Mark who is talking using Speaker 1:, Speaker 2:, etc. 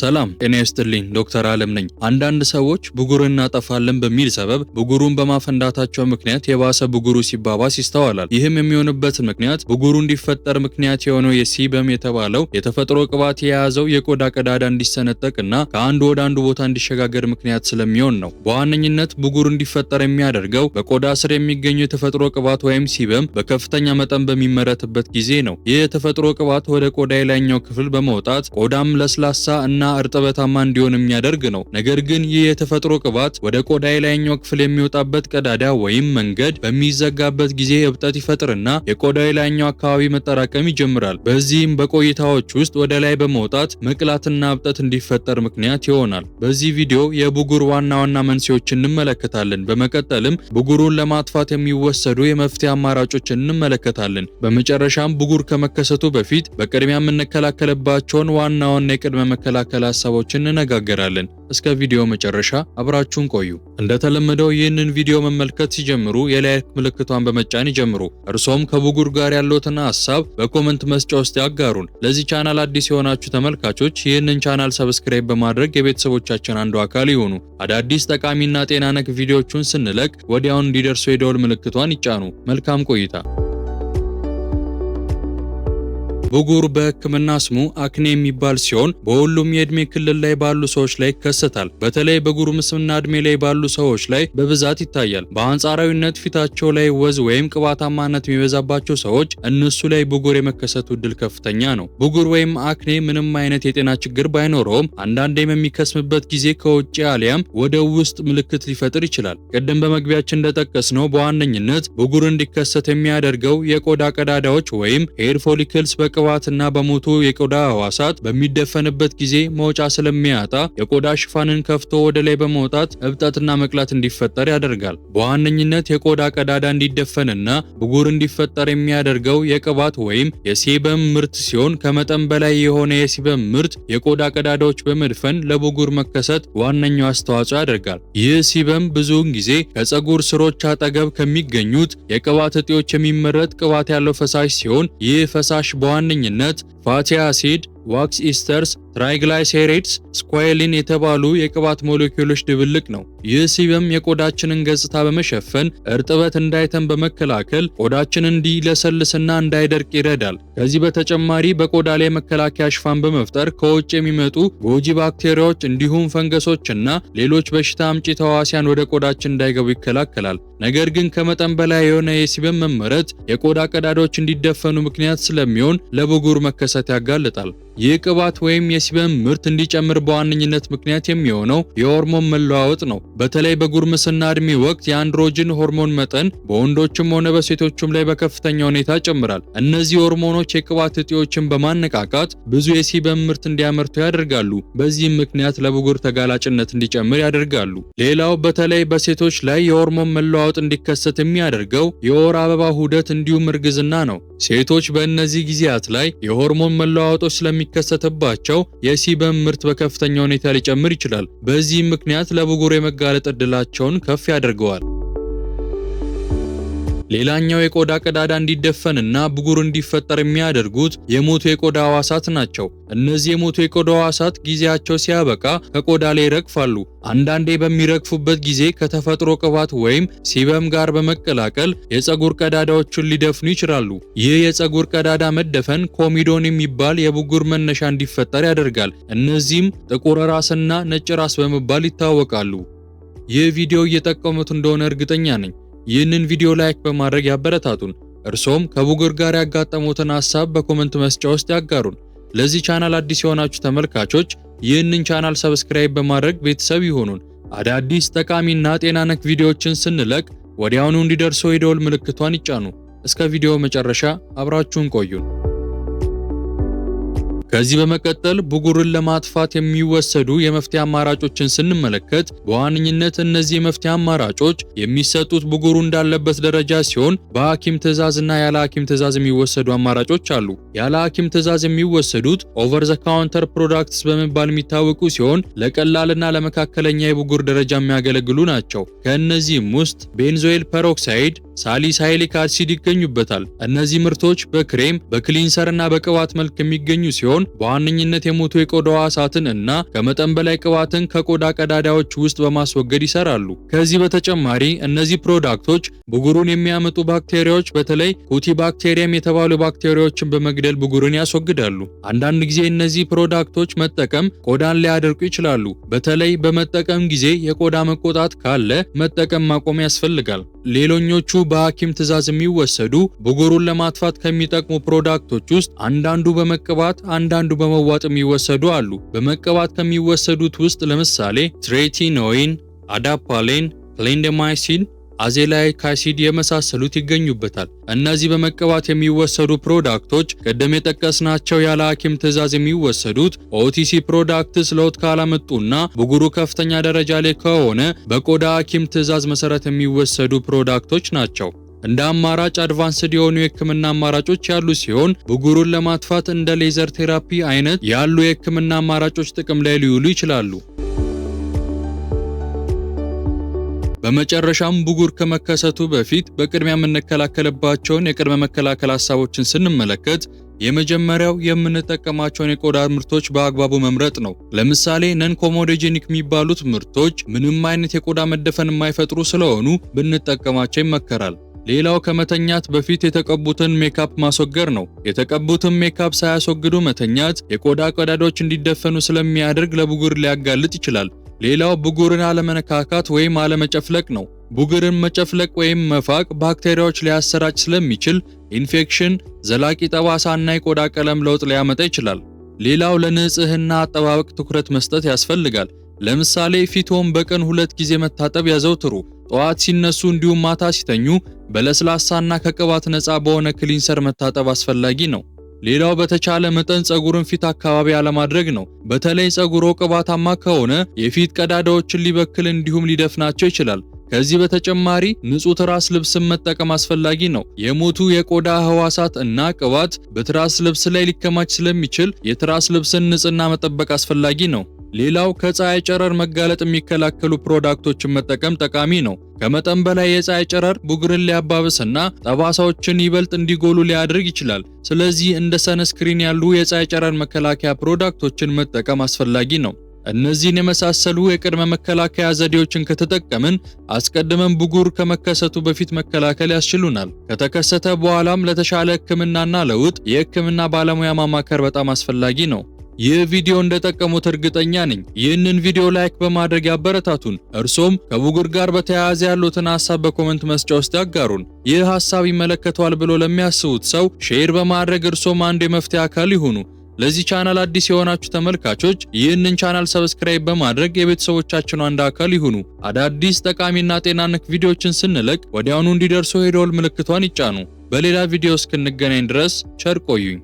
Speaker 1: ሰላም ጤና ይስጥልኝ። ዶክተር አለም ነኝ። አንዳንድ ሰዎች ብጉር እናጠፋለን በሚል ሰበብ ብጉሩን በማፈንዳታቸው ምክንያት የባሰ ብጉሩ ሲባባስ ይስተዋላል። ይህም የሚሆንበት ምክንያት ብጉሩ እንዲፈጠር ምክንያት የሆነው የሲበም የተባለው የተፈጥሮ ቅባት የያዘው የቆዳ ቀዳዳ እንዲሰነጠቅ እና ከአንዱ ወደ አንዱ ቦታ እንዲሸጋገር ምክንያት ስለሚሆን ነው። በዋነኝነት ብጉር እንዲፈጠር የሚያደርገው በቆዳ ስር የሚገኘው የተፈጥሮ ቅባት ወይም ሲበም በከፍተኛ መጠን በሚመረትበት ጊዜ ነው። ይህ የተፈጥሮ ቅባት ወደ ቆዳ የላይኛው ክፍል በመውጣት ቆዳም ለስላሳ እና እርጥበታማ እንዲሆን የሚያደርግ ነው። ነገር ግን ይህ የተፈጥሮ ቅባት ወደ ቆዳ የላይኛው ክፍል የሚወጣበት ቀዳዳ ወይም መንገድ በሚዘጋበት ጊዜ እብጠት ይፈጥርና የቆዳ የላይኛው አካባቢ መጠራቀም ይጀምራል። በዚህም በቆይታዎች ውስጥ ወደ ላይ በመውጣት መቅላትና እብጠት እንዲፈጠር ምክንያት ይሆናል። በዚህ ቪዲዮ የብጉር ዋና ዋና መንስኤዎችን እንመለከታለን። በመቀጠልም ብጉሩን ለማጥፋት የሚወሰዱ የመፍትሄ አማራጮችን እንመለከታለን። በመጨረሻም ብጉር ከመከሰቱ በፊት በቅድሚያ የምንከላከልባቸውን ዋና ዋና የቅድመ መከላከል የተከታተለ ሀሳቦችን እንነጋገራለን። እስከ ቪዲዮ መጨረሻ አብራችሁን ቆዩ። እንደተለመደው ይህንን ቪዲዮ መመልከት ሲጀምሩ የላይክ ምልክቷን በመጫን ይጀምሩ። እርሶም ከቡጉር ጋር ያለዎትን ሀሳብ በኮመንት መስጫ ውስጥ ያጋሩን። ለዚህ ቻናል አዲስ የሆናችሁ ተመልካቾች ይህንን ቻናል ሰብስክራይብ በማድረግ የቤተሰቦቻችን አንዱ አካል ይሆኑ። አዳዲስ ጠቃሚና ጤና ነክ ቪዲዮዎቹን ስንለቅ ወዲያውን እንዲደርሱ የደወል ምልክቷን ይጫኑ። መልካም ቆይታ ብጉር በህክምና ስሙ አክኔ የሚባል ሲሆን በሁሉም የእድሜ ክልል ላይ ባሉ ሰዎች ላይ ይከሰታል። በተለይ በጉርምስና እድሜ ላይ ባሉ ሰዎች ላይ በብዛት ይታያል። በአንጻራዊነት ፊታቸው ላይ ወዝ ወይም ቅባታማነት የሚበዛባቸው ሰዎች እነሱ ላይ ብጉር የመከሰቱ እድል ከፍተኛ ነው። ብጉር ወይም አክኔ ምንም አይነት የጤና ችግር ባይኖረውም አንዳንዴም የሚከስምበት ጊዜ ከውጭ አሊያም ወደ ውስጥ ምልክት ሊፈጥር ይችላል። ቅድም በመግቢያችን እንደጠቀስነው በዋነኝነት ብጉር እንዲከሰት የሚያደርገው የቆዳ ቀዳዳዎች ወይም ሄር ፎሊክልስ በ ቅባትና በሞቱ የቆዳ ህዋሳት በሚደፈንበት ጊዜ መውጫ ስለሚያጣ የቆዳ ሽፋንን ከፍቶ ወደ ላይ በመውጣት እብጠትና መቅላት እንዲፈጠር ያደርጋል። በዋነኝነት የቆዳ ቀዳዳ እንዲደፈንና ብጉር እንዲፈጠር የሚያደርገው የቅባት ወይም የሴበም ምርት ሲሆን ከመጠን በላይ የሆነ የሴበም ምርት የቆዳ ቀዳዳዎች በመድፈን ለብጉር መከሰት ዋነኛው አስተዋጽኦ ያደርጋል። ይህ ሲበም ብዙውን ጊዜ ከፀጉር ስሮች አጠገብ ከሚገኙት የቅባት እጢዎች የሚመረት ቅባት ያለው ፈሳሽ ሲሆን ይህ ፈሳሽ በዋ ዋነኝነት ፋቲ አሲድ፣ ዋክስ ኢስተርስ፣ ትራይግላይሴሬድስ፣ ስኳሊን የተባሉ የቅባት ሞሌኪውሎች ድብልቅ ነው። ይህ ሲበም የቆዳችንን ገጽታ በመሸፈን እርጥበት እንዳይተን በመከላከል ቆዳችን እንዲለሰልስና እንዳይደርቅ ይረዳል። ከዚህ በተጨማሪ በቆዳ ላይ መከላከያ ሽፋን በመፍጠር ከውጭ የሚመጡ ጎጂ ባክቴሪያዎች እንዲሁም ፈንገሶችና ሌሎች በሽታ አምጪ ተዋሲያን ወደ ቆዳችን እንዳይገቡ ይከላከላል። ነገር ግን ከመጠን በላይ የሆነ የሲበም መመረት የቆዳ ቀዳዳዎች እንዲደፈኑ ምክንያት ስለሚሆን ለብጉር መከሰ ለፍልሰት ያጋልጣል። ይህ ቅባት ወይም የሲበም ምርት እንዲጨምር በዋነኝነት ምክንያት የሚሆነው የሆርሞን መለዋወጥ ነው። በተለይ በጉርምስና እድሜ ወቅት የአንድሮጅን ሆርሞን መጠን በወንዶችም ሆነ በሴቶችም ላይ በከፍተኛ ሁኔታ ጨምራል። እነዚህ ሆርሞኖች የቅባት እጢዎችን በማነቃቃት ብዙ የሲበም ምርት እንዲያመርቱ ያደርጋሉ። በዚህም ምክንያት ለብጉር ተጋላጭነት እንዲጨምር ያደርጋሉ። ሌላው በተለይ በሴቶች ላይ የሆርሞን መለዋወጥ እንዲከሰት የሚያደርገው የወር አበባ ሂደት እንዲሁም እርግዝና ነው። ሴቶች በእነዚህ ጊዜያት ላይ የሆርሞን መለዋወጦች ስለሚ የሚከሰትባቸው የሲበም ምርት በከፍተኛ ሁኔታ ሊጨምር ይችላል። በዚህም ምክንያት ለብጉር የመጋለጥ እድላቸውን ከፍ ያደርገዋል። ሌላኛው የቆዳ ቀዳዳ እንዲደፈንና ብጉር እንዲፈጠር የሚያደርጉት የሞቱ የቆዳ ሕዋሳት ናቸው። እነዚህ የሞቱ የቆዳ ሕዋሳት ጊዜያቸው ሲያበቃ ከቆዳ ላይ ይረግፋሉ። አንዳንዴ በሚረግፉበት ጊዜ ከተፈጥሮ ቅባት ወይም ሲበም ጋር በመቀላቀል የፀጉር ቀዳዳዎችን ሊደፍኑ ይችላሉ። ይህ የፀጉር ቀዳዳ መደፈን ኮሚዶን የሚባል የብጉር መነሻ እንዲፈጠር ያደርጋል። እነዚህም ጥቁር ራስና ነጭ ራስ በመባል ይታወቃሉ። ይህ ቪዲዮ እየጠቀሙት እንደሆነ እርግጠኛ ነኝ። ይህንን ቪዲዮ ላይክ በማድረግ ያበረታቱን። እርሶም ከቡግር ጋር ያጋጠሙትን ሀሳብ በኮመንት መስጫ ውስጥ ያጋሩን። ለዚህ ቻናል አዲስ የሆናችሁ ተመልካቾች ይህንን ቻናል ሰብስክራይብ በማድረግ ቤተሰብ ይሆኑን። አዳዲስ ጠቃሚና ጤና ነክ ቪዲዮዎችን ስንለቅ ወዲያውኑ እንዲደርሰው የደወል ምልክቷን ይጫኑ። እስከ ቪዲዮ መጨረሻ አብራችሁን ቆዩን። ከዚህ በመቀጠል ብጉርን ለማጥፋት የሚወሰዱ የመፍትሄ አማራጮችን ስንመለከት በዋነኝነት እነዚህ የመፍትሄ አማራጮች የሚሰጡት ብጉሩ እንዳለበት ደረጃ ሲሆን በሐኪም ትዕዛዝና ያለ ሐኪም ትእዛዝ የሚወሰዱ አማራጮች አሉ። ያለ ሐኪም ትዕዛዝ የሚወሰዱት ኦቨር ዘ ካውንተር ፕሮዳክትስ በመባል የሚታወቁ ሲሆን ለቀላልና ለመካከለኛ የብጉር ደረጃ የሚያገለግሉ ናቸው። ከእነዚህም ውስጥ ቤንዞይል ፐሮክሳይድ፣ ሳሊሳይሊክ አሲድ ይገኙበታል። እነዚህ ምርቶች በክሬም በክሊንሰር እና በቅባት መልክ የሚገኙ ሲሆን በዋነኝነት የሞቱ የቆዳ ሕዋሳትን እና ከመጠን በላይ ቅባትን ከቆዳ ቀዳዳዎች ውስጥ በማስወገድ ይሰራሉ። ከዚህ በተጨማሪ እነዚህ ፕሮዳክቶች ብጉሩን የሚያመጡ ባክቴሪያዎች በተለይ ኩቲ ባክቴሪያም የተባሉ ባክቴሪያዎችን በመግደል ብጉሩን ያስወግዳሉ። አንዳንድ ጊዜ እነዚህ ፕሮዳክቶች መጠቀም ቆዳን ሊያደርቁ ይችላሉ። በተለይ በመጠቀም ጊዜ የቆዳ መቆጣት ካለ መጠቀም ማቆም ያስፈልጋል። ሌሎኞቹ በሐኪም ትዕዛዝ የሚወሰዱ ብጉሩን ለማጥፋት ከሚጠቅሙ ፕሮዳክቶች ውስጥ አንዳንዱ በመቀባት አንዳንዱ በመዋጥ የሚወሰዱ አሉ። በመቀባት ከሚወሰዱት ውስጥ ለምሳሌ ትሬቲኖይን፣ አዳፓሌን፣ ክሊንደማይሲን አዜላይክ አሲድ የመሳሰሉት ይገኙበታል። እነዚህ በመቀባት የሚወሰዱ ፕሮዳክቶች ቅድም የጠቀስናቸው ያለ ሐኪም ትዕዛዝ የሚወሰዱት ኦቲሲ ፕሮዳክትስ ለውጥ ካላመጡና ብጉሩ ከፍተኛ ደረጃ ላይ ከሆነ በቆዳ ሐኪም ትዕዛዝ መሰረት የሚወሰዱ ፕሮዳክቶች ናቸው። እንደ አማራጭ አድቫንስድ የሆኑ የህክምና አማራጮች ያሉ ሲሆን ብጉሩን ለማጥፋት እንደ ሌዘር ቴራፒ አይነት ያሉ የህክምና አማራጮች ጥቅም ላይ ሊውሉ ይችላሉ። በመጨረሻም ብጉር ከመከሰቱ በፊት በቅድሚያ የምንከላከልባቸውን የቅድመ መከላከል ሀሳቦችን ስንመለከት የመጀመሪያው የምንጠቀማቸውን የቆዳ ምርቶች በአግባቡ መምረጥ ነው። ለምሳሌ ነን ኮሞዶጄኒክ የሚባሉት ምርቶች ምንም አይነት የቆዳ መደፈን የማይፈጥሩ ስለሆኑ ብንጠቀማቸው ይመከራል። ሌላው ከመተኛት በፊት የተቀቡትን ሜካፕ ማስወገድ ነው። የተቀቡትን ሜካፕ ሳያስወግዱ መተኛት የቆዳ ቀዳዳዎች እንዲደፈኑ ስለሚያደርግ ለብጉር ሊያጋልጥ ይችላል። ሌላው ብጉርን አለመነካካት ወይም አለመጨፍለቅ ነው። ብጉርን መጨፍለቅ ወይም መፋቅ ባክቴሪያዎች ሊያሰራጭ ስለሚችል ኢንፌክሽን፣ ዘላቂ ጠባሳና የቆዳ ቀለም ለውጥ ሊያመጣ ይችላል። ሌላው ለንጽህና አጠባበቅ ትኩረት መስጠት ያስፈልጋል። ለምሳሌ ፊቶን በቀን ሁለት ጊዜ መታጠብ ያዘውትሩ። ጠዋት ሲነሱ እንዲሁም ማታ ሲተኙ በለስላሳና ከቅባት ነፃ በሆነ ክሊንሰር መታጠብ አስፈላጊ ነው። ሌላው በተቻለ መጠን ጸጉርን ፊት አካባቢ አለማድረግ ነው። በተለይ ጸጉሮ ቅባታማ ከሆነ የፊት ቀዳዳዎችን ሊበክል እንዲሁም ሊደፍናቸው ይችላል። ከዚህ በተጨማሪ ንጹህ ትራስ ልብስን መጠቀም አስፈላጊ ነው። የሞቱ የቆዳ ህዋሳት እና ቅባት በትራስ ልብስ ላይ ሊከማች ስለሚችል የትራስ ልብስን ንጽህና መጠበቅ አስፈላጊ ነው። ሌላው ከፀሐይ ጨረር መጋለጥ የሚከላከሉ ፕሮዳክቶችን መጠቀም ጠቃሚ ነው። ከመጠን በላይ የፀሐይ ጨረር ብጉርን ሊያባብስና ጠባሳዎችን ይበልጥ እንዲጎሉ ሊያደርግ ይችላል። ስለዚህ እንደ ሰነስክሪን ያሉ የፀሐይ ጨረር መከላከያ ፕሮዳክቶችን መጠቀም አስፈላጊ ነው። እነዚህን የመሳሰሉ የቅድመ መከላከያ ዘዴዎችን ከተጠቀምን አስቀድመን ብጉር ከመከሰቱ በፊት መከላከል ያስችሉናል። ከተከሰተ በኋላም ለተሻለ ሕክምናና ለውጥ የሕክምና ባለሙያ ማማከር በጣም አስፈላጊ ነው። ይህ ቪዲዮ እንደጠቀሙት እርግጠኛ ነኝ። ይህንን ቪዲዮ ላይክ በማድረግ ያበረታቱን። እርሶም ከብጉር ጋር በተያያዘ ያሉትን ሀሳብ በኮመንት መስጫ ውስጥ ያጋሩን። ይህ ሀሳብ ይመለከተዋል ብሎ ለሚያስቡት ሰው ሼር በማድረግ እርሶም አንድ የመፍትሄ አካል ይሁኑ። ለዚህ ቻናል አዲስ የሆናችሁ ተመልካቾች ይህንን ቻናል ሰብስክራይብ በማድረግ የቤተሰቦቻችን አንድ አካል ይሁኑ። አዳዲስ ጠቃሚና ጤና ነክ ቪዲዮችን ስንለቅ ወዲያውኑ እንዲደርሱ የደወል ምልክቷን ይጫኑ። በሌላ ቪዲዮ እስክንገናኝ ድረስ ቸር ቆዩኝ።